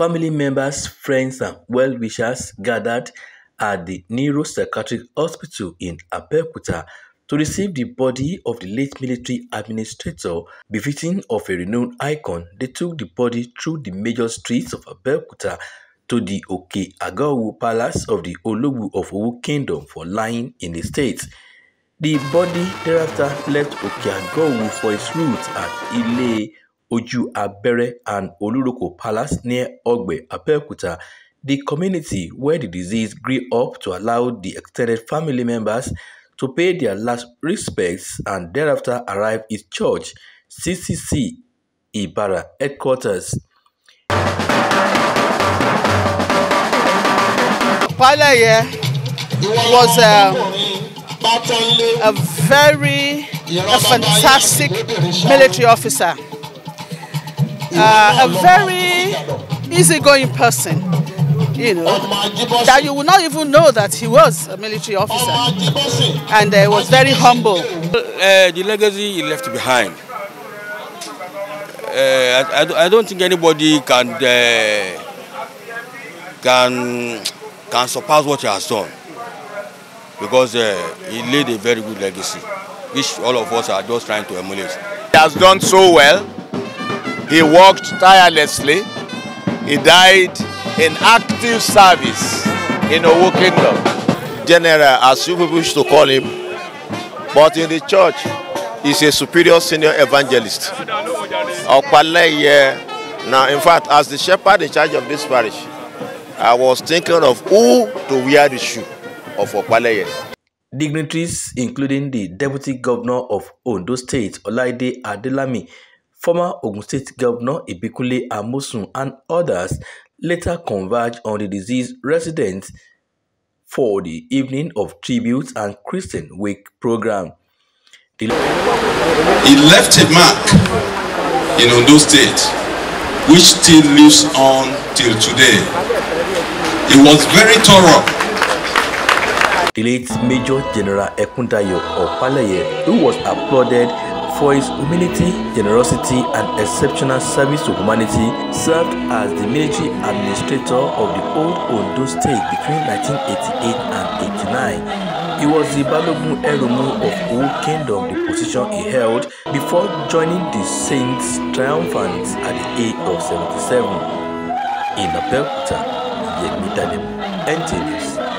Family members, friends and well-wishers gathered at the Neuropsychiatric Hospital in Abeokuta to receive the body of the late military administrator befitting of a renowned icon. They took the body through the major streets of Abeokuta to the Oke Agawu Palace of the Ologwu of Owu Kingdom for lying in the state. The body thereafter left Oke Agawu for its route at Ile Oju Abere and Oluroko Palace near Ogbe, Apekuta, the community where the disease grew up to allow the extended family members to pay their last respects and thereafter arrive is church, CCC Ibara headquarters. Palaya was a, um, a very a fantastic military officer uh, a very easygoing person, you know, that you would not even know that he was a military officer and uh, was very humble. Uh, the legacy he left behind. Uh, I, I, don't think anybody can uh, can can surpass what he has done because uh, he laid a very good legacy, which all of us are just trying to emulate. He has done so well He worked tirelessly. He died in active service in Owo Kingdom. General, as you wish to call him, but in the church, he's a superior senior evangelist. Opaleye. Now, in fact, as the shepherd in charge of this parish, I was thinking of who to wear the shoe of Opaleye. Dignitaries, including the deputy governor of Ondo State, Olaide Adelami, Former Ogun State Governor Ibikule Amosun and others later converged on the deceased resident for the evening of tributes and Christian Week program. He left a mark in Ondo State, which still lives on till today. He was very thorough. The late Major General Ekundayo Opaleye, who was applauded for his humility, generosity, and exceptional service to humanity, served as the military administrator of the old Ondo state between 1988 and 89. He was the Balogun Erumu of Owu Kingdom, the position he held before joining the Saints triumphant at the age of 77. In Abeokuta, Yemi Dalem, NTNews.